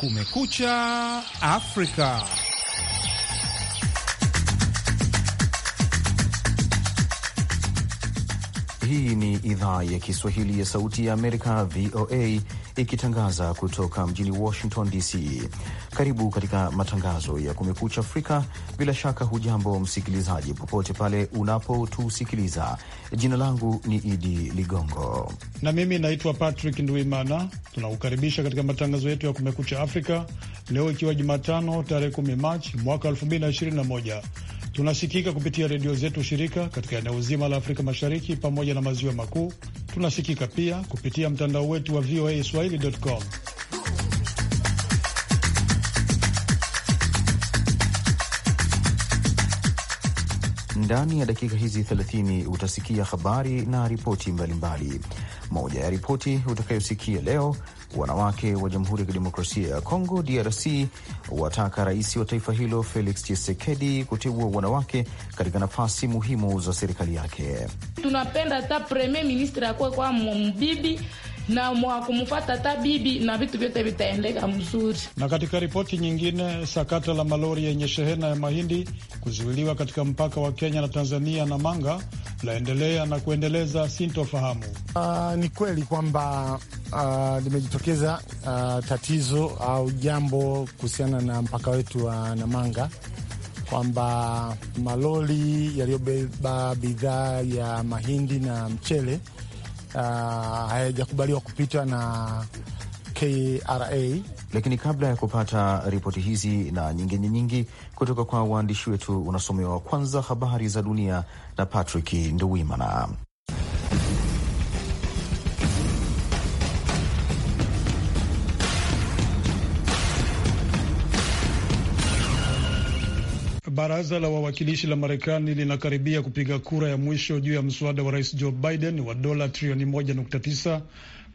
Kumekucha Afrika. Hii ni idhaa ya Kiswahili ya Sauti ya Amerika, VOA, ikitangaza kutoka mjini Washington DC. Karibu katika matangazo ya Kumekucha Afrika. Bila shaka, hujambo msikilizaji, popote pale unapotusikiliza. Jina langu ni Idi Ligongo na mimi naitwa Patrick Nduimana. Tunakukaribisha katika matangazo yetu ya Kumekucha Afrika leo, ikiwa Jumatano tarehe 10 Machi mwaka 2021 Tunasikika kupitia redio zetu shirika katika eneo zima la Afrika Mashariki pamoja na maziwa makuu. Tunasikika pia kupitia mtandao wetu wa VOA swahili.com. Ndani ya dakika hizi 30 utasikia habari na ripoti mbalimbali. Moja ya ripoti utakayosikia leo Wanawake wa Jamhuri ya Kidemokrasia ya Kongo, DRC, wataka rais wa taifa hilo Felix Tshisekedi kuteua wanawake katika nafasi muhimu za serikali yake. Tunapenda hata premier ministre akuwe kwa mbibi na mwa ta tabibi na vitu vyote vitaendeka mzuri. Na katika ripoti nyingine, sakata la malori yenye shehena ya mahindi kuzuiliwa katika mpaka wa Kenya na Tanzania na Manga laendelea na kuendeleza sintofahamu. Uh, ni kweli kwamba uh, limejitokeza uh, tatizo au jambo kuhusiana na mpaka wetu wa Namanga kwamba malori yaliyobeba bidhaa ya mahindi na mchele uh, hayajakubaliwa kupitwa na KRA. Lakini kabla ya kupata ripoti hizi na nyingine nyingi kutoka kwa waandishi wetu, unasomewa kwanza habari za dunia na Patrick Nduwimana. Baraza la wawakilishi la Marekani linakaribia kupiga kura ya mwisho juu ya mswada wa rais Joe Biden wa dola trilioni 1.9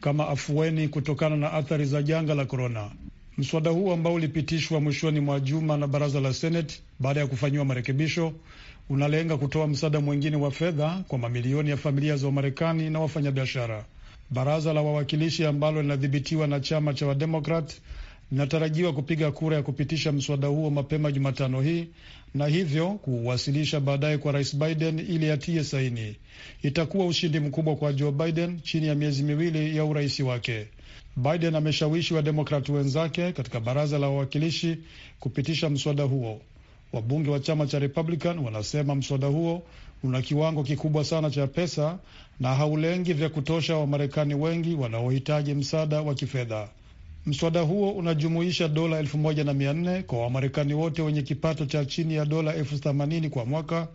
kama afueni kutokana na athari za janga la korona. Mswada huu ambao ulipitishwa mwishoni mwa juma na baraza la Seneti baada ya kufanyiwa marekebisho, unalenga kutoa msaada mwingine wa fedha kwa mamilioni ya familia za Wamarekani na wafanyabiashara. Baraza la wawakilishi ambalo linadhibitiwa na chama cha Wademokrat inatarajiwa kupiga kura ya kupitisha mswada huo mapema Jumatano hii na hivyo kuuwasilisha baadaye kwa Rais Biden ili atie saini. Itakuwa ushindi mkubwa kwa Joe Biden chini ya miezi miwili ya urais wake. Biden ameshawishi wademokrati wenzake katika baraza la wawakilishi kupitisha mswada huo. Wabunge wa chama cha Republican wanasema mswada huo una kiwango kikubwa sana cha pesa na haulengi vya kutosha Wamarekani wengi wanaohitaji msaada wa kifedha. Mswada huo unajumuisha dola elfu moja na mia nne kwa Wamarekani wote wenye kipato cha chini ya dola elfu themanini kwa mwaka,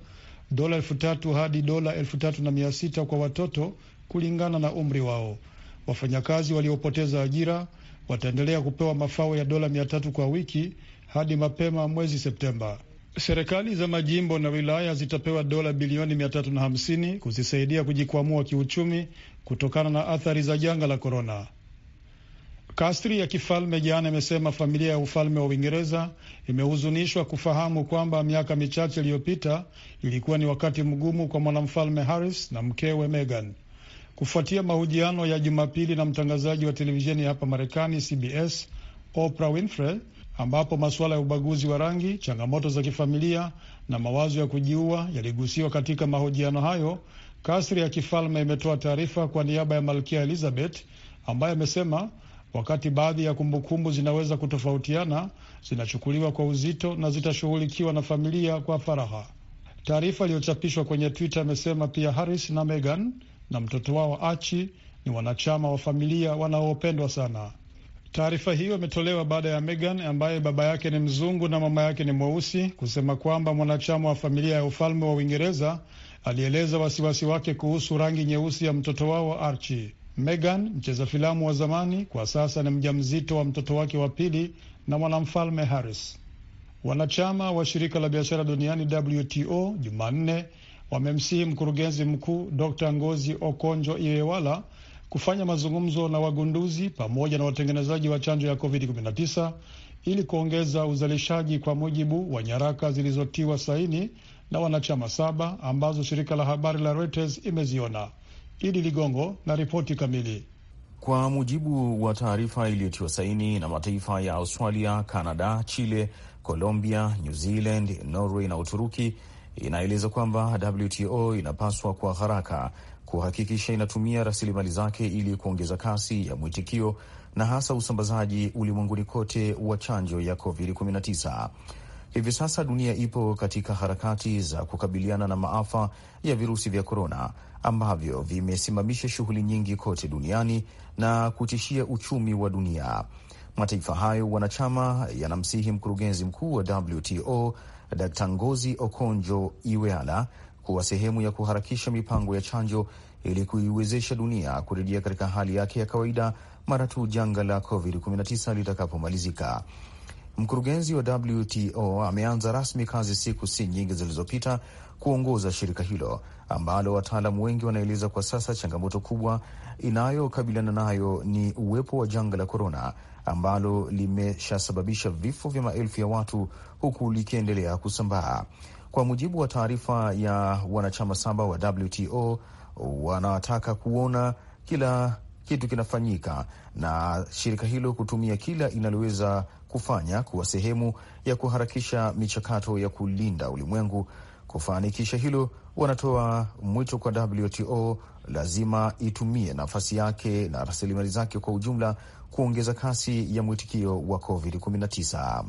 dola elfu tatu hadi dola elfu tatu na mia sita kwa watoto kulingana na umri wao. Wafanyakazi waliopoteza ajira wataendelea kupewa mafao ya dola mia tatu kwa wiki hadi mapema mwezi Septemba. Serikali za majimbo na wilaya zitapewa dola bilioni hamsini kuzisaidia kujikwamua kiuchumi kutokana na athari za janga la korona. Kasri ya kifalme jana imesema familia ya ufalme wa Uingereza imehuzunishwa kufahamu kwamba miaka michache iliyopita ilikuwa ni wakati mgumu kwa mwanamfalme Harris na mkewe Meghan. Kufuatia mahojiano ya Jumapili na mtangazaji wa televisheni hapa Marekani CBS Oprah Winfrey, ambapo masuala ya ubaguzi wa rangi, changamoto za kifamilia na mawazo ya kujiua yaligusiwa katika mahojiano hayo, kasri ya kifalme imetoa taarifa kwa niaba ya Malkia Elizabeth ambaye amesema Wakati baadhi ya kumbukumbu zinaweza kutofautiana, zinachukuliwa kwa uzito na zitashughulikiwa na familia kwa faraha. Taarifa iliyochapishwa kwenye Twitter imesema pia Harris na Meghan na mtoto wao Archie ni wanachama wa familia wanaopendwa sana. Taarifa hiyo imetolewa baada ya Meghan ambaye baba yake ni mzungu na mama yake ni mweusi kusema kwamba mwanachama wa familia ya ufalme wa Uingereza alieleza wasiwasi wake kuhusu rangi nyeusi ya mtoto wao Archie. Megan, mcheza filamu wa zamani, kwa sasa ni mjamzito wa mtoto wake wa pili na mwanamfalme Harris. Wanachama wa shirika la biashara duniani WTO Jumanne wamemsihi mkurugenzi mkuu Dr Ngozi Okonjo Iweala kufanya mazungumzo na wagunduzi pamoja na watengenezaji wa chanjo ya COVID-19 ili kuongeza uzalishaji, kwa mujibu wa nyaraka zilizotiwa saini na wanachama saba ambazo shirika la habari la Reuters imeziona. Idi Ligongo na ripoti kamili. Kwa mujibu wa taarifa iliyotiwa saini na mataifa ya Australia, Canada, Chile, Colombia, New Zealand, Norway na Uturuki, inaeleza kwamba WTO inapaswa kwa haraka kuhakikisha inatumia rasilimali zake ili kuongeza kasi ya mwitikio na hasa usambazaji ulimwenguni kote wa chanjo ya COVID-19. Hivi sasa dunia ipo katika harakati za kukabiliana na maafa ya virusi vya korona ambavyo vimesimamisha shughuli nyingi kote duniani na kutishia uchumi wa dunia. Mataifa hayo wanachama yanamsihi mkurugenzi mkuu wa WTO d Ngozi Okonjo-Iweala kuwa sehemu ya kuharakisha mipango ya chanjo ili kuiwezesha dunia kurejea katika hali yake ya kawaida mara tu janga la COVID-19 litakapomalizika. Mkurugenzi wa WTO ameanza rasmi kazi siku si nyingi zilizopita kuongoza shirika hilo ambalo wataalamu wengi wanaeleza kwa sasa changamoto kubwa inayokabiliana nayo ni uwepo wa janga la korona ambalo limeshasababisha vifo vya maelfu ya watu huku likiendelea kusambaa. Kwa mujibu wa taarifa ya wanachama saba wa WTO, wanataka kuona kila kitu kinafanyika na shirika hilo kutumia kila inaloweza kufanya kuwa sehemu ya kuharakisha michakato ya kulinda ulimwengu. Kufanikisha hilo, wanatoa mwito kwa WTO lazima itumie nafasi yake na rasilimali zake kwa ujumla kuongeza kasi ya mwitikio wa COVID-19.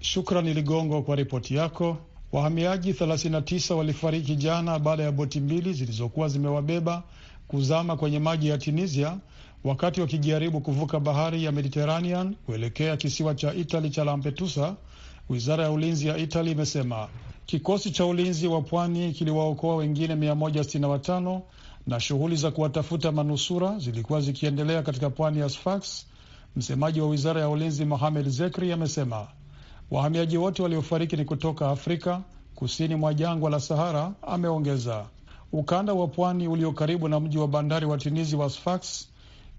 Shukrani Ligongo kwa ripoti yako. Wahamiaji 39 walifariki jana baada ya boti mbili zilizokuwa zimewabeba kuzama kwenye maji ya Tunisia wakati wakijaribu kuvuka bahari ya Mediterranean kuelekea kisiwa cha Itali cha Lampedusa. Wizara ya ulinzi ya Itali imesema kikosi cha ulinzi wa pwani kiliwaokoa wengine 165 na shughuli za kuwatafuta manusura zilikuwa zikiendelea katika pwani ya Sfax. Msemaji wa wizara ya ulinzi Mohamed Zekri amesema wahamiaji wote waliofariki ni kutoka Afrika kusini mwa jangwa la Sahara. Ameongeza ukanda wa pwani ulio karibu na mji wa bandari wa Tunisi wa Sfax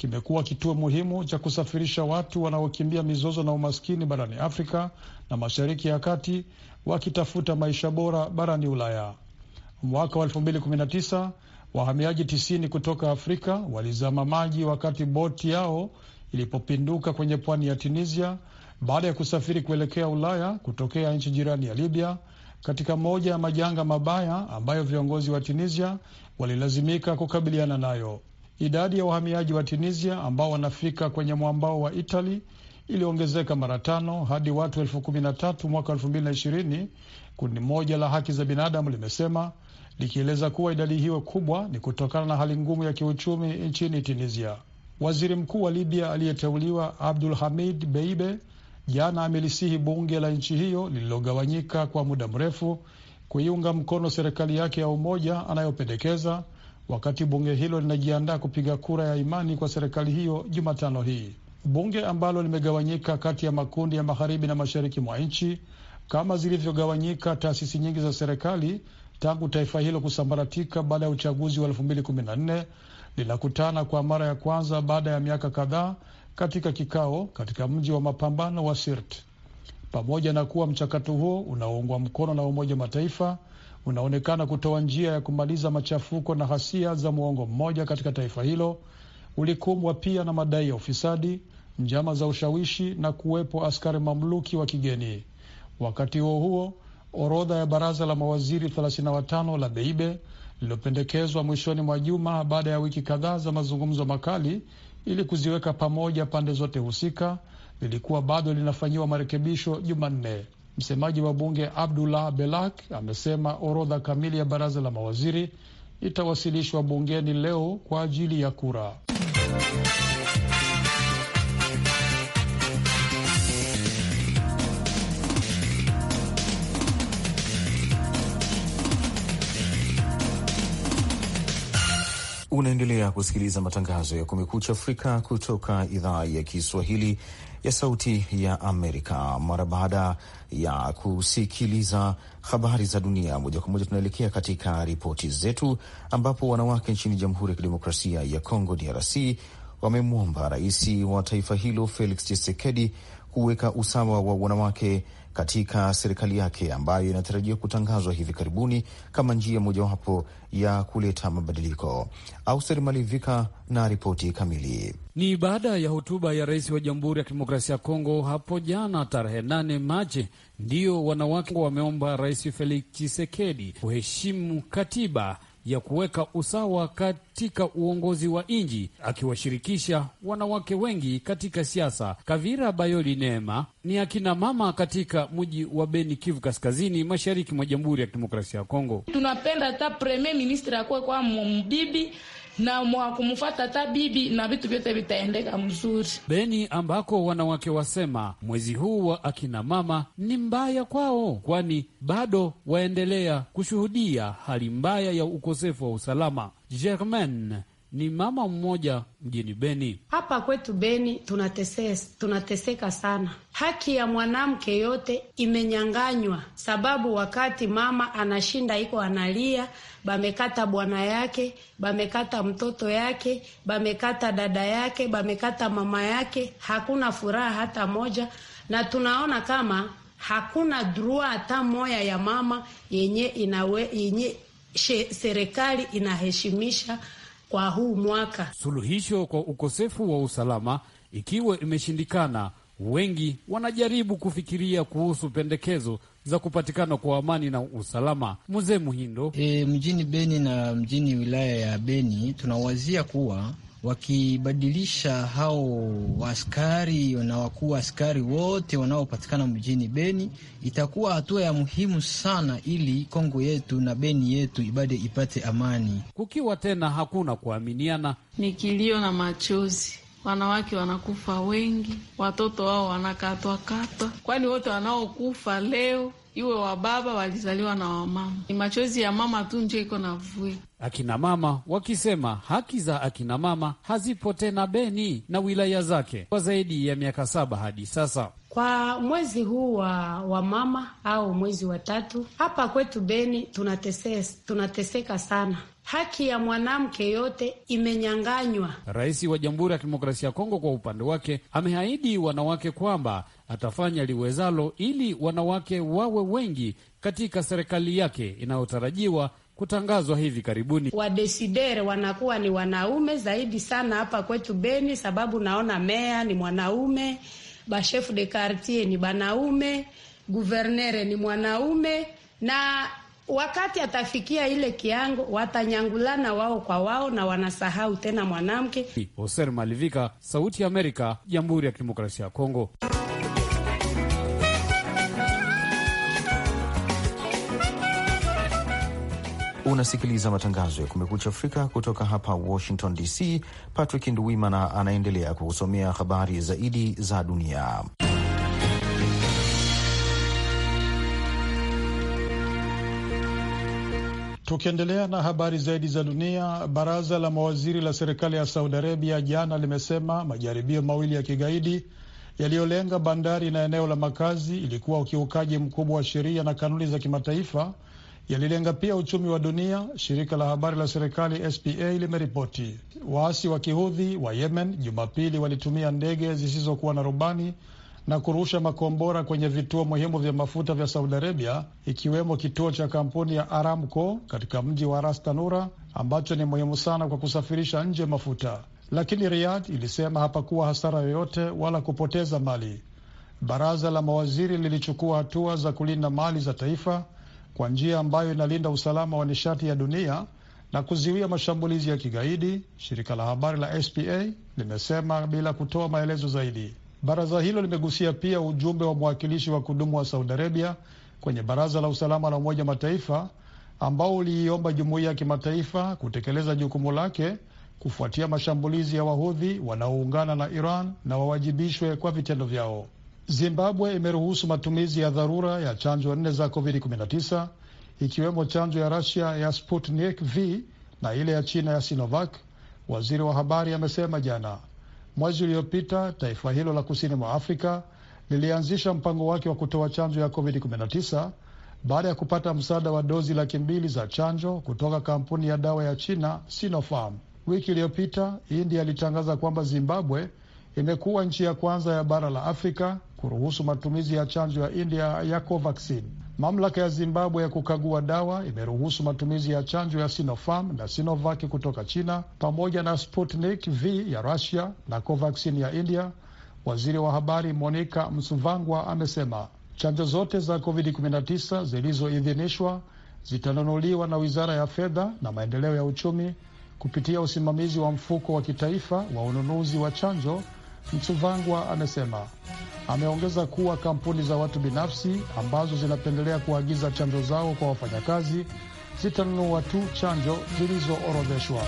kimekuwa kituo muhimu cha kusafirisha watu wanaokimbia mizozo na umaskini barani Afrika na Mashariki ya Kati wakitafuta maisha bora barani Ulaya. Mwaka wa 2019 wahamiaji 90 kutoka Afrika walizama maji wakati boti yao ilipopinduka kwenye pwani ya Tunisia baada ya kusafiri kuelekea Ulaya kutokea nchi jirani ya Libya, katika moja ya majanga mabaya ambayo viongozi wa Tunisia walilazimika kukabiliana nayo. Idadi ya wahamiaji wa Tunisia ambao wanafika kwenye mwambao wa Itali iliongezeka mara tano hadi watu elfu kumi na tatu mwaka elfu mbili na ishirini, kundi moja la haki za binadamu limesema likieleza kuwa idadi hiyo kubwa ni kutokana na hali ngumu ya kiuchumi nchini Tunisia. Waziri mkuu wa Libya aliyeteuliwa Abdul Hamid Beibe jana amelisihi bunge la nchi hiyo lililogawanyika kwa muda mrefu kuiunga mkono serikali yake ya umoja anayopendekeza wakati bunge hilo linajiandaa kupiga kura ya imani kwa serikali hiyo Jumatano hii. Bunge ambalo limegawanyika kati ya makundi ya magharibi na mashariki mwa nchi kama zilivyogawanyika taasisi nyingi za serikali tangu taifa hilo kusambaratika baada ya uchaguzi wa 2014 linakutana kwa mara ya kwanza baada ya miaka kadhaa katika kikao katika mji wa mapambano wa Sirte. Pamoja na kuwa mchakato huo unaoungwa mkono na Umoja Mataifa unaonekana kutoa njia ya kumaliza machafuko na ghasia za muongo mmoja katika taifa hilo, ulikumbwa pia na madai ya ufisadi, njama za ushawishi na kuwepo askari mamluki wa kigeni. Wakati huo huo, orodha ya baraza la mawaziri 35 la beibe lililopendekezwa mwishoni mwa juma baada ya wiki kadhaa za mazungumzo makali ili kuziweka pamoja pande zote husika lilikuwa bado linafanyiwa marekebisho Jumanne. Msemaji wa bunge Abdullah Belak amesema orodha kamili ya baraza la mawaziri itawasilishwa bungeni leo kwa ajili ya kura. Unaendelea kusikiliza matangazo ya Kumekucha Afrika kutoka idhaa ya Kiswahili ya Sauti ya Amerika. Mara baada ya kusikiliza habari za dunia moja kwa moja, tunaelekea katika ripoti zetu, ambapo wanawake nchini Jamhuri ya Kidemokrasia ya Kongo, DRC, wamemwomba rais wa taifa hilo Felix Tshisekedi kuweka usawa wa wanawake katika serikali yake ambayo inatarajia kutangazwa hivi karibuni kama njia mojawapo ya kuleta mabadiliko. Auser Malivika na ripoti kamili. Ni baada ya hotuba ya rais wa Jamhuri ya Kidemokrasia ya Kongo hapo jana tarehe nane Machi ndiyo wanawake wameomba Rais Felix chisekedi kuheshimu katiba ya kuweka usawa katika uongozi wa nchi, akiwashirikisha wanawake wengi katika siasa. Kavira Bayoli Neema ni akina mama katika mji wa Beni, Kivu Kaskazini, mashariki mwa Jamhuri ya Kidemokrasia ya Kongo. Tunapenda hata premier ministre akuwe kwa mbibi na mwakumfata ta bibi na vitu vyote vitaendeka mzuri. Beni ambako wanawake wasema mwezi huu wa akina mama ni mbaya kwao, kwani bado waendelea kushuhudia hali mbaya ya ukosefu wa usalama. Germain ni mama mmoja mjini Beni. Hapa kwetu Beni tunateseka, tunateseka sana. Haki ya mwanamke yote imenyanganywa, sababu wakati mama anashinda iko analia, bamekata bwana yake, bamekata mtoto yake, bamekata dada yake, bamekata mama yake. Hakuna furaha hata moja, na tunaona kama hakuna drua hata moya ya mama yenye inawe yenye serikali inaheshimisha kwa huu mwaka. Suluhisho kwa ukosefu wa usalama ikiwa imeshindikana, wengi wanajaribu kufikiria kuhusu pendekezo za kupatikana kwa amani na usalama. Mzee Muhindo: E, mjini Beni na mjini wilaya ya Beni tunawazia kuwa wakibadilisha hao askari na wakuu askari wote wanaopatikana mjini Beni, itakuwa hatua ya muhimu sana ili Kongo yetu na Beni yetu ibade ipate amani. Kukiwa tena hakuna kuaminiana, ni kilio na machozi. Wanawake wanakufa wengi, watoto wao wanakatwakatwa, kwani wote wanaokufa leo iwe wa baba walizaliwa na wamama, ni machozi ya mama tu ndio iko na vui. Akina mama wakisema haki za akina mama hazipo tena Beni na wilaya zake kwa zaidi ya miaka saba hadi sasa. Kwa mwezi huu wa wamama au mwezi wa tatu hapa kwetu Beni tunatese, tunateseka sana haki ya mwanamke yote imenyanganywa. Rais wa Jamhuri ya Kidemokrasia ya Kongo kwa upande wake ameahidi wanawake kwamba atafanya liwezalo ili wanawake wawe wengi katika serikali yake inayotarajiwa kutangazwa hivi karibuni. Wadesidere wanakuwa ni wanaume zaidi sana hapa kwetu Beni, sababu naona meya ni mwanaume, bashef de kartier ni banaume, guvernere ni mwanaume, na wakati atafikia ile kiango watanyangulana wao kwa wao na wanasahau tena mwanamke. Hoser Malivika, Sauti ya Amerika, Jamhuri ya Kidemokrasia ya Kongo. Unasikiliza matangazo ya Kumekucha Afrika kutoka hapa Washington DC. Patrick Nduwimana anaendelea kukusomea habari zaidi za dunia. Tukiendelea na habari zaidi za dunia, baraza la mawaziri la serikali ya Saudi Arabia jana limesema majaribio mawili ya kigaidi yaliyolenga bandari na eneo la makazi ilikuwa ukiukaji mkubwa wa sheria na kanuni za kimataifa yalilenga pia uchumi wa dunia. Shirika la habari la serikali SPA limeripoti waasi wa kihudhi wa Yemen Jumapili walitumia ndege zisizokuwa na rubani na kurusha makombora kwenye vituo muhimu vya mafuta vya Saudi Arabia, ikiwemo kituo cha kampuni ya Aramco katika mji wa Ras Tanura ambacho ni muhimu sana kwa kusafirisha nje mafuta, lakini Riyadh ilisema hapakuwa hasara yoyote wala kupoteza mali. Baraza la mawaziri lilichukua hatua za kulinda mali za taifa kwa njia ambayo inalinda usalama wa nishati ya dunia na kuziwia mashambulizi ya kigaidi, shirika la habari la SPA limesema bila kutoa maelezo zaidi. Baraza hilo limegusia pia ujumbe wa mwakilishi wa kudumu wa Saudi Arabia kwenye Baraza la Usalama la Umoja Mataifa ambao uliiomba jumuiya ya kimataifa kutekeleza jukumu lake kufuatia mashambulizi ya Wahudhi wanaoungana na Iran na wawajibishwe kwa vitendo vyao. Zimbabwe imeruhusu matumizi ya dharura ya chanjo nne za COVID-19 ikiwemo chanjo ya rasia ya Sputnik V na ile ya China ya Sinovac, waziri wa habari amesema jana. Mwezi uliopita taifa hilo la kusini mwa Afrika lilianzisha mpango wake wa kutoa chanjo ya COVID-19 baada ya kupata msaada wa dozi laki mbili za chanjo kutoka kampuni ya dawa ya China Sinopharm. Wiki iliyopita India ilitangaza kwamba Zimbabwe imekuwa nchi ya kwanza ya bara la Afrika kuruhusu matumizi ya chanjo ya India ya Covaxin. Mamlaka ya Zimbabwe ya kukagua dawa imeruhusu matumizi ya chanjo ya Sinopharm na Sinovac kutoka China pamoja na Sputnik V ya Russia na Covaxin ya India. Waziri wa habari Monica Msuvangwa amesema chanjo zote za COVID-19 zilizoidhinishwa zitanunuliwa na Wizara ya Fedha na Maendeleo ya Uchumi kupitia usimamizi wa mfuko wa kitaifa wa ununuzi wa chanjo Msuvangwa amesema. Ameongeza kuwa kampuni za watu binafsi ambazo zinapendelea kuagiza chanjo zao kwa wafanyakazi zitanunua tu chanjo zilizoorodheshwa.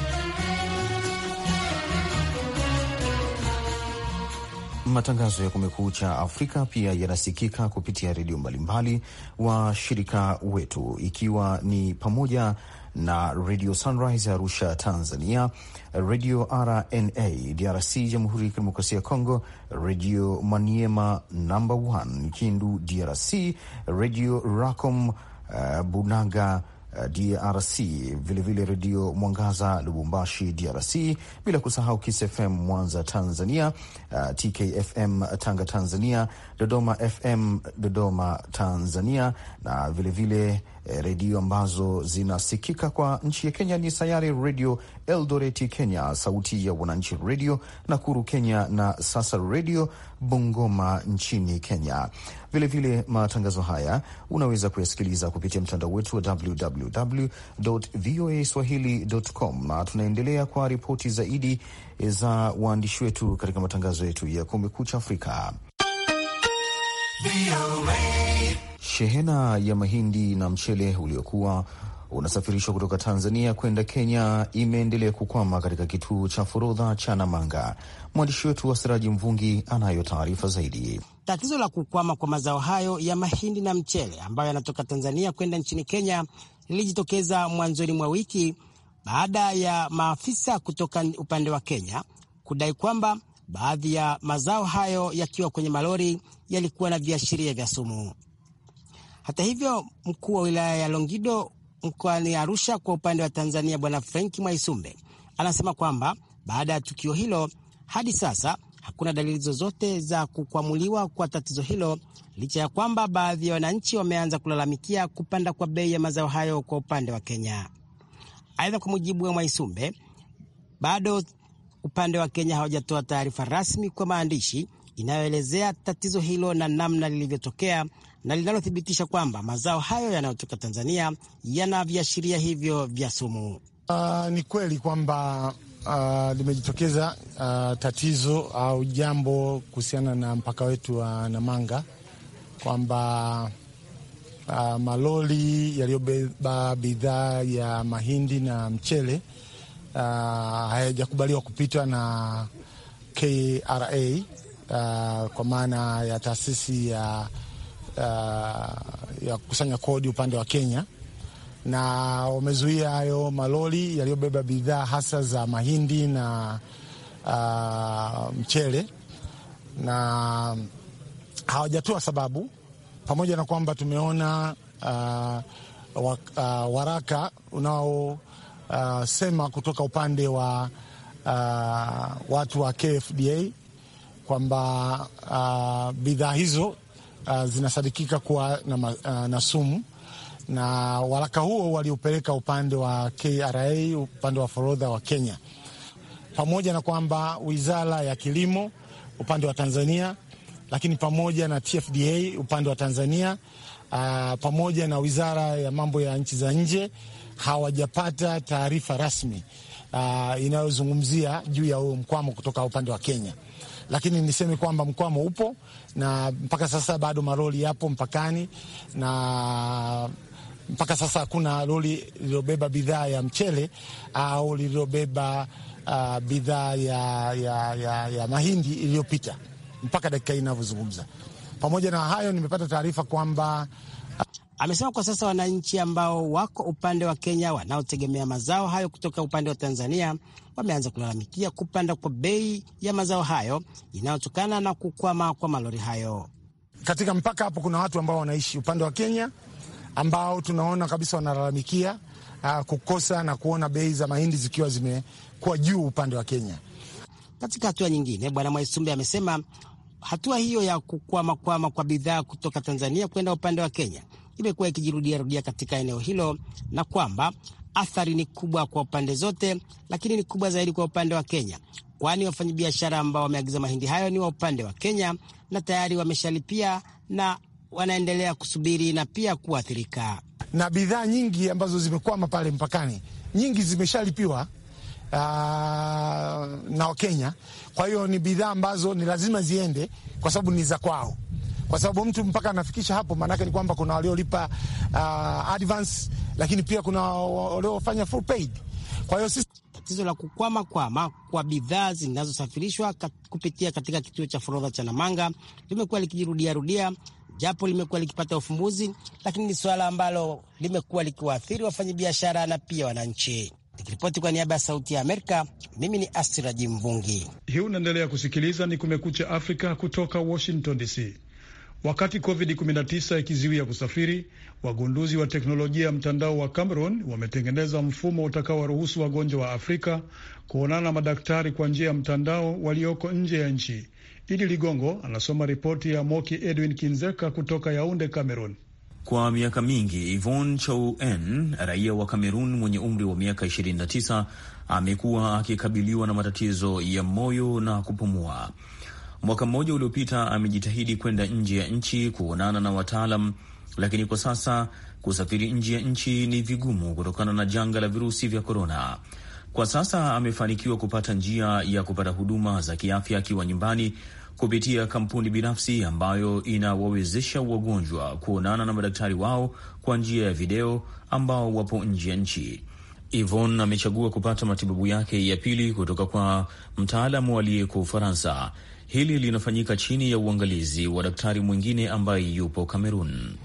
Matangazo ya Kumekucha Afrika pia yanasikika kupitia redio mbalimbali wa shirika wetu, ikiwa ni pamoja na Radio Sunrise Arusha Tanzania, Radio RNA DRC Jamhuri ya Kidemokrasia ya Kongo, Radio Maniema namba 1 Kindu DRC, Radio Racom uh, Bunaga uh, DRC vilevile redio Mwangaza Lubumbashi DRC, bila kusahau KisFM Mwanza Tanzania, uh, TKFM Tanga Tanzania, Dodoma FM Dodoma Tanzania na vilevile E, redio ambazo zinasikika kwa nchi ya Kenya ni Sayari Redio, Eldoreti Kenya, Sauti ya Wananchi Redio Nakuru Kenya na Sasa Redio Bungoma nchini Kenya. Vilevile vile matangazo haya unaweza kuyasikiliza kupitia mtandao wetu wa swahilicom na tunaendelea kwa ripoti zaidi za waandishi wetu katika matangazo yetu ya Kumekucha Afrika. Shehena ya mahindi na mchele uliokuwa unasafirishwa kutoka Tanzania kwenda Kenya imeendelea kukwama katika kituo cha forodha cha Namanga. Mwandishi wetu wa Siraji Mvungi anayo taarifa zaidi. Tatizo la kukwama kwa mazao hayo ya mahindi na mchele ambayo yanatoka Tanzania kwenda nchini Kenya lilijitokeza mwanzoni mwa wiki baada ya maafisa kutoka upande wa Kenya kudai kwamba Baadhi ya mazao hayo yakiwa kwenye malori yalikuwa na viashiria vya sumu. Hata hivyo, mkuu wa wilaya ya Longido mkoani Arusha kwa upande wa Tanzania, Bwana Frenki Mwaisumbe anasema kwamba baada ya tukio hilo hadi sasa hakuna dalili zozote za kukwamuliwa kwa tatizo hilo, licha ya kwamba baadhi ya wananchi wameanza kulalamikia kupanda kwa bei ya mazao hayo kwa upande wa Kenya. Aidha, kwa mujibu wa Mwaisumbe, bado upande wa Kenya hawajatoa taarifa rasmi kwa maandishi inayoelezea tatizo hilo na namna lilivyotokea na linalothibitisha kwamba mazao hayo yanayotoka Tanzania yana viashiria hivyo vya sumu. Uh, ni kweli kwamba uh, limejitokeza uh, tatizo au jambo kuhusiana na mpaka wetu wa Namanga kwamba uh, malori yaliyobeba bidhaa ya mahindi na mchele uh, hayajakubaliwa kupitwa na KRA uh, kwa maana ya taasisi ya uh, ya kukusanya kodi upande wa Kenya, na wamezuia hayo malori yaliyobeba bidhaa hasa za mahindi na uh, mchele, na hawajatoa sababu, pamoja na kwamba tumeona uh, wa, uh, waraka unao uh, sema kutoka upande wa uh, watu wa KFDA kwamba uh, bidhaa hizo uh, zinasadikika kuwa na, uh, na sumu na waraka huo waliupeleka upande wa KRA, upande wa forodha wa Kenya, pamoja na kwamba wizara ya kilimo upande wa Tanzania, lakini pamoja na TFDA upande wa Tanzania, uh, pamoja na wizara ya mambo ya nchi za nje hawajapata taarifa rasmi uh, inayozungumzia juu ya huyo mkwamo kutoka upande wa Kenya, lakini niseme kwamba mkwamo upo na mpaka sasa bado maroli yapo mpakani na mpaka sasa hakuna lori lililobeba bidhaa ya mchele au lililobeba uh, bidhaa ya, ya, ya, ya mahindi iliyopita mpaka dakika hii inavyozungumza. Pamoja na hayo, nimepata taarifa kwamba Amesema kwa sasa wananchi ambao wako upande wa Kenya wanaotegemea mazao hayo kutoka upande wa Tanzania wameanza kulalamikia kupanda kwa bei ya mazao hayo inayotokana na kukwama kwa malori hayo katika mpaka. Hapo kuna watu ambao wanaishi upande wa Kenya ambao tunaona kabisa wanalalamikia uh, kukosa na kuona bei za mahindi zikiwa zimekuwa juu upande wa Kenya. Katika hatua nyingine, Bwana Mwaisumbe amesema hatua hiyo ya kukwamakwama kwa bidhaa kutoka Tanzania kwenda upande wa Kenya imekuwa ikijirudiarudia katika eneo hilo na kwamba athari ni kubwa kwa upande zote, lakini ni kubwa zaidi kwa upande wa Kenya, kwani wafanyabiashara ambao wameagiza mahindi hayo ni wa upande wa Kenya na tayari wameshalipia na wanaendelea kusubiri na pia kuathirika. Na bidhaa nyingi ambazo zimekwama pale mpakani, nyingi zimeshalipiwa Uh, na Wakenya. Kwa hiyo ni bidhaa ambazo ni lazima ziende kwa sababu ni za kwao kwa sababu mtu mpaka anafikisha hapo, maanake ni kwamba kuna waliolipa uh, advance, lakini pia kuna waliofanya full paid. Kwa hiyo sisi tatizo la kukwama kwama kwa bidhaa zinazosafirishwa kat, kupitia katika kituo cha forodha cha Namanga limekuwa likijirudia rudia, japo limekuwa likipata ufumbuzi, lakini ni suala ambalo limekuwa likiwaathiri wafanyabiashara na pia wananchi. Nikiripoti kwa niaba ya Sauti ya Amerika, mimi ni Astiraji Mvungi. Hii unaendelea kusikiliza ni Kumekucha Afrika kutoka Washington DC. Wakati COVID-19 ikizuia kusafiri, wagunduzi wa teknolojia ya mtandao wa Cameron wametengeneza mfumo utakaowaruhusu wagonjwa wa Afrika kuonana na madaktari kwa njia ya mtandao walioko nje ya nchi. Idi Ligongo anasoma ripoti ya Moki Edwin Kinzeka kutoka Yaunde, Cameron. Kwa miaka mingi Yvonne Chouen, raia wa Kamerun mwenye umri wa miaka 29, amekuwa akikabiliwa na matatizo ya moyo na kupumua. Mwaka mmoja uliopita amejitahidi kwenda nje ya nchi kuonana na wataalam, lakini kwa sasa kusafiri nje ya nchi ni vigumu kutokana na janga la virusi vya korona. Kwa sasa amefanikiwa kupata njia ya kupata huduma za kiafya akiwa nyumbani kupitia kampuni binafsi ambayo inawawezesha wagonjwa kuonana na madaktari wao kwa njia ya video ambao wapo nje ya nchi. Yvonne amechagua kupata matibabu yake ya pili kutoka kwa mtaalamu aliyeko Ufaransa. Hili linafanyika chini ya uangalizi wa daktari mwingine ambaye yupo Kamerun.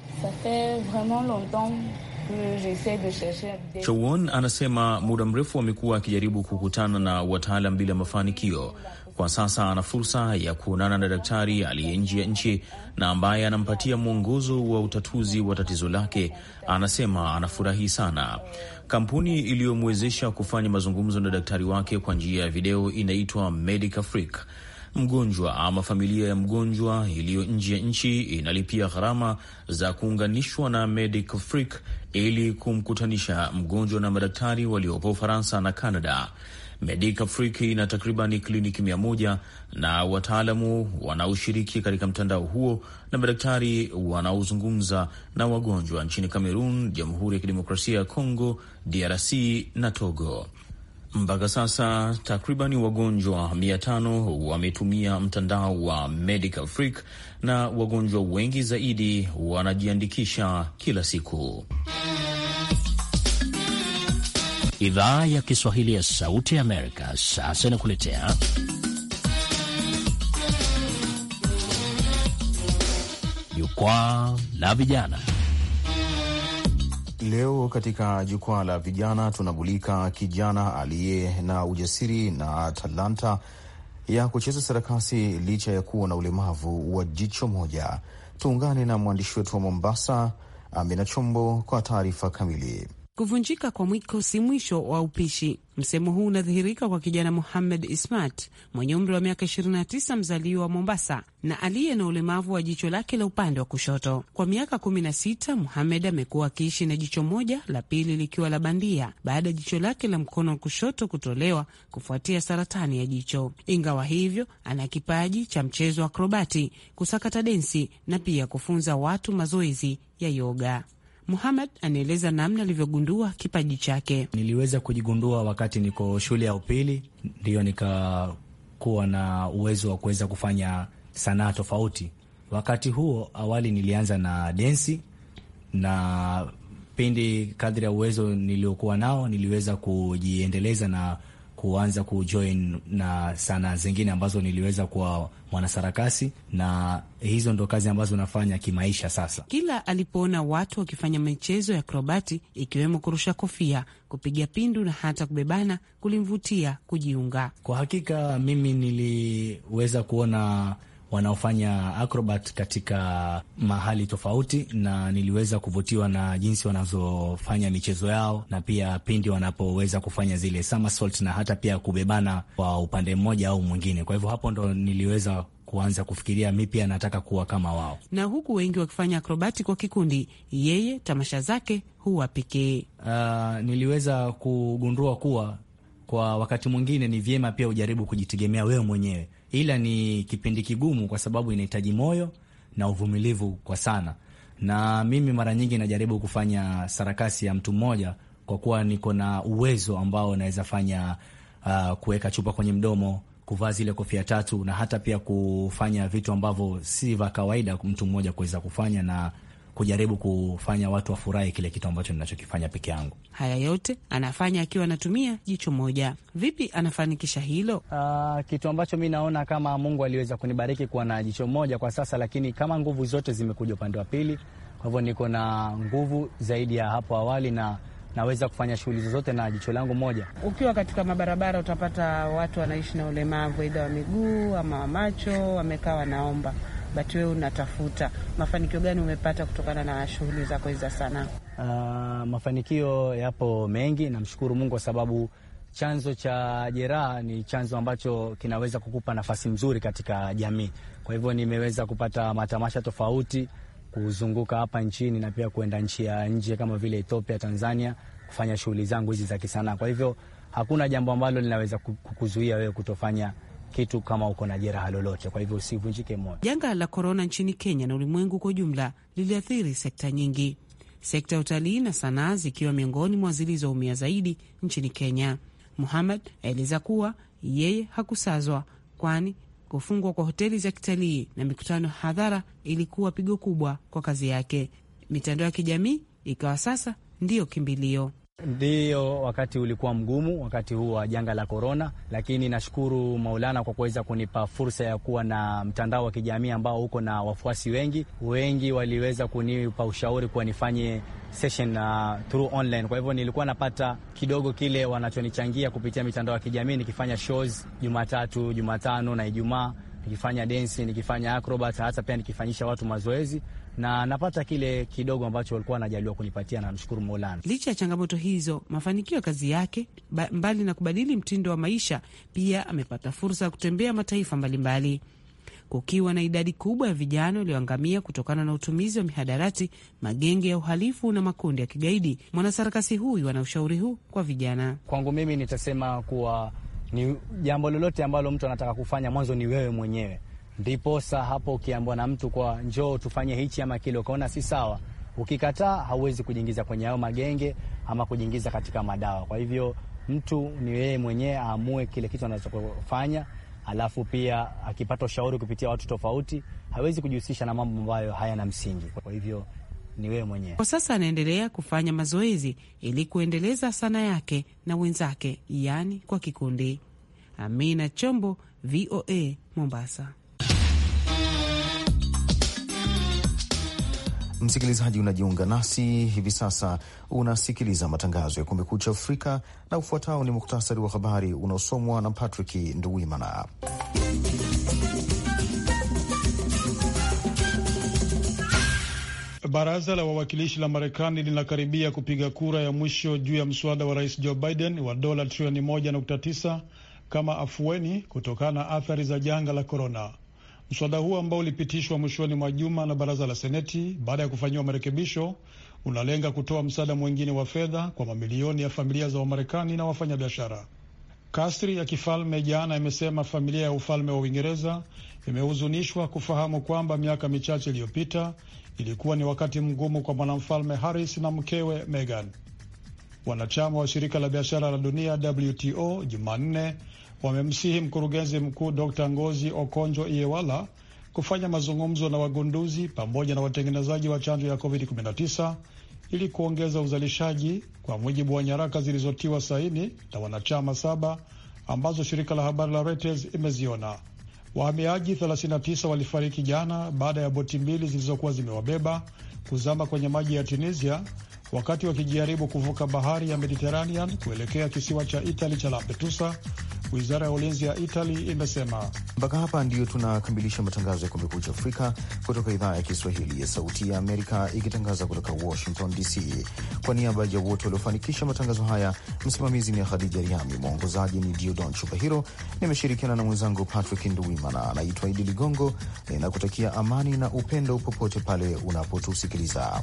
Chowon anasema muda mrefu amekuwa akijaribu kukutana na wataalam bila mafanikio. Kwa sasa ana fursa ya kuonana na daktari aliye nje ya nchi na ambaye anampatia mwongozo wa utatuzi wa tatizo lake. Anasema anafurahi sana. Kampuni iliyomwezesha kufanya mazungumzo na daktari wake kwa njia ya video inaitwa Medica mgonjwa ama familia ya mgonjwa iliyo nje ya nchi inalipia gharama za kuunganishwa na MedicFreak ili kumkutanisha mgonjwa na madaktari waliopo Ufaransa na Canada. MedicFreak ina takribani kliniki mia moja na wataalamu wanaoshiriki katika mtandao huo na madaktari wanaozungumza na wagonjwa nchini Cameroon, Jamhuri ya Kidemokrasia ya Kongo, DRC na Togo. Mpaka sasa takriban wagonjwa mia tano wametumia mtandao wa Medical Freak na wagonjwa wengi zaidi wanajiandikisha kila siku. Idhaa ya Kiswahili ya Sauti ya Amerika sasa inakuletea jukwaa la vijana. Leo katika jukwaa la vijana tunamulika kijana aliye na ujasiri na talanta ya kucheza sarakasi licha ya kuwa na ulemavu wa jicho moja. Tuungane na mwandishi wetu wa Mombasa, Amina Chombo, kwa taarifa kamili kuvunjika kwa mwiko si mwisho wa upishi. Msemo huu unadhihirika kwa kijana Muhamed Ismat mwenye umri wa miaka 29 mzaliwa wa Mombasa na aliye na ulemavu wa jicho lake la upande wa kushoto. Kwa miaka 16 Muhamed amekuwa akiishi na jicho moja, la pili likiwa la bandia baada ya jicho lake la mkono wa kushoto kutolewa kufuatia saratani ya jicho. Ingawa hivyo, ana kipaji cha mchezo wa akrobati, kusakata densi na pia kufunza watu mazoezi ya yoga. Muhammad anaeleza namna alivyogundua kipaji chake. Niliweza kujigundua wakati niko shule ya upili, ndiyo nikakuwa na uwezo wa kuweza kufanya sanaa tofauti. Wakati huo awali nilianza na densi, na pindi kadri ya uwezo niliokuwa nao niliweza kujiendeleza na kuanza kujoin na sanaa zingine ambazo niliweza kuwa mwanasarakasi, na hizo ndo kazi ambazo nafanya kimaisha sasa. Kila alipoona watu wakifanya michezo ya akrobati, ikiwemo kurusha kofia, kupiga pindu na hata kubebana, kulimvutia kujiunga. Kwa hakika mimi niliweza kuona wanaofanya acrobat katika mahali tofauti, na niliweza kuvutiwa na jinsi wanavyofanya michezo yao, na pia pindi wanapoweza kufanya zile somersault na hata pia kubebana kwa upande mmoja au mwingine. Kwa hivyo hapo ndo niliweza kuanza kufikiria mi pia nataka kuwa kama wao. Na huku wengi wakifanya akrobati kwa kikundi, yeye tamasha zake huwa pekee. Uh, niliweza kugundua kuwa kwa wakati mwingine ni vyema pia ujaribu kujitegemea wewe mwenyewe ila ni kipindi kigumu, kwa sababu inahitaji moyo na uvumilivu kwa sana. Na mimi mara nyingi najaribu kufanya sarakasi ya mtu mmoja, kwa kuwa niko na uwezo ambao naweza fanya uh, kuweka chupa kwenye mdomo, kuvaa zile kofia tatu, na hata pia kufanya vitu ambavyo si vya kawaida mtu mmoja kuweza kufanya na kujaribu kufanya watu wafurahi kile kitu ambacho ninachokifanya peke yangu. Haya yote anafanya akiwa anatumia jicho moja. Vipi anafanikisha hilo? Uh, kitu ambacho mi naona kama Mungu aliweza kunibariki kuwa na jicho moja kwa sasa, lakini kama nguvu zote zimekuja upande wa pili, kwa hivyo niko na nguvu zaidi ya hapo awali na naweza kufanya shughuli zozote na jicho langu moja. Ukiwa katika mabarabara, utapata watu wanaishi na ulemavu, aidha wa miguu ama wa macho, wamekaa wanaomba but wewe unatafuta mafanikio gani umepata kutokana na shughuli zako hizi za sanaa? Uh, mafanikio yapo mengi, namshukuru Mungu kwa sababu chanzo cha jeraha ni chanzo ambacho kinaweza kukupa nafasi nzuri katika jamii. Kwa hivyo nimeweza kupata matamasha tofauti kuzunguka hapa nchini na pia kuenda nchi ya nje kama vile Ethiopia, Tanzania kufanya shughuli zangu hizi za kisanaa. Kwa hivyo hakuna jambo ambalo linaweza kukuzuia wewe kutofanya kitu kama uko na jeraha lolote. Kwa hivyo usivunjike moyo. Janga la korona nchini Kenya na ulimwengu kwa ujumla liliathiri sekta nyingi, sekta ya utalii na sanaa zikiwa miongoni mwa zilizoumia zaidi nchini Kenya. Muhammad aeleza kuwa yeye hakusazwa, kwani kufungwa kwa hoteli za kitalii na mikutano hadhara ilikuwa pigo kubwa kwa kazi yake. Mitandao ya kijamii ikawa sasa ndiyo kimbilio. Ndiyo, wakati ulikuwa mgumu, wakati huu wa janga la korona, lakini nashukuru Maulana kwa kuweza kunipa fursa ya kuwa na mtandao wa kijamii ambao uko na wafuasi wengi. Wengi waliweza kunipa ushauri kuwa nifanye session uh, through online. Kwa hivyo nilikuwa napata kidogo kile wanachonichangia kupitia mitandao ya kijamii nikifanya shows Jumatatu, Jumatano na Ijumaa, nikifanya densi, nikifanya acrobat, hata pia nikifanyisha watu mazoezi na napata kile kidogo ambacho walikuwa wanajaliwa kunipatia, na namshukuru Maulana. Licha ya changamoto hizo, mafanikio ya kazi yake mbali na kubadili mtindo wa maisha, pia amepata fursa ya kutembea mataifa mbalimbali mbali. Kukiwa na idadi kubwa ya vijana walioangamia kutokana na utumizi wa mihadarati, magenge ya uhalifu na makundi ya kigaidi, mwanasarakasi huyu ana ushauri huu kwa vijana. Kwangu mimi nitasema kuwa ni jambo lolote ambalo mtu anataka kufanya, mwanzo ni wewe mwenyewe Ndiposa hapo ukiambwa na mtu kwa njoo tufanye hichi ama kile, ukaona si sawa, ukikataa hauwezi kujiingiza kwenye hayo magenge ama kujiingiza katika madawa. Kwa hivyo mtu ni yeye mwenyewe aamue kile kitu anachofanya, alafu pia akipata ushauri kupitia watu tofauti, hawezi kujihusisha na mambo ambayo hayana msingi. Kwa hivyo ni wewe mwenyewe. Kwa sasa anaendelea kufanya mazoezi ili kuendeleza sana yake na wenzake, yaani kwa kikundi. Amina Chombo, VOA, Mombasa. Msikilizaji, unajiunga nasi hivi sasa, unasikiliza matangazo ya Kumekucha Afrika, na ufuatao ni muktasari wa habari unaosomwa na Patrick Nduwimana. Baraza la wawakilishi la Marekani linakaribia kupiga kura ya mwisho juu ya mswada wa rais Joe Biden wa dola trilioni 1.9 kama afueni kutokana na athari za janga la korona. Mswada huo ambao ulipitishwa mwishoni mwa juma na baraza la Seneti baada ya kufanyiwa marekebisho unalenga kutoa msaada mwingine wa fedha kwa mamilioni ya familia za Wamarekani na wafanyabiashara. Kasri ya kifalme jana imesema familia ya ufalme wa Uingereza imehuzunishwa kufahamu kwamba miaka michache iliyopita ilikuwa ni wakati mgumu kwa mwanamfalme Harris na mkewe Meghan. Wanachama wa shirika la biashara la dunia WTO Jumanne wamemsihi mkurugenzi mkuu Dr Ngozi Okonjo Iweala kufanya mazungumzo na wagunduzi pamoja na watengenezaji wa chanjo ya COVID-19 ili kuongeza uzalishaji, kwa mujibu wa nyaraka zilizotiwa saini na wanachama saba ambazo shirika la habari la Reuters imeziona. Wahamiaji 39 walifariki jana baada ya boti mbili zilizokuwa zimewabeba kuzama kwenye maji ya Tunisia wakati wakijaribu kuvuka bahari ya Mediterranean kuelekea kisiwa cha Itali cha Lampedusa Wizara ya ulinzi ya Itali imesema. Mpaka hapa ndiyo tunakamilisha matangazo ya Kumekucha Afrika kutoka idhaa ya Kiswahili ya Sauti ya Amerika, ikitangaza kutoka Washington DC. Kwa niaba ya wote waliofanikisha matangazo haya, msimamizi ni Khadija Riami, mwongozaji ni Diodon Chubahiro. Nimeshirikiana na mwenzangu Patrick Nduwimana. Anaitwa Idi Ligongo, ninakutakia amani na upendo popote pale unapotusikiliza.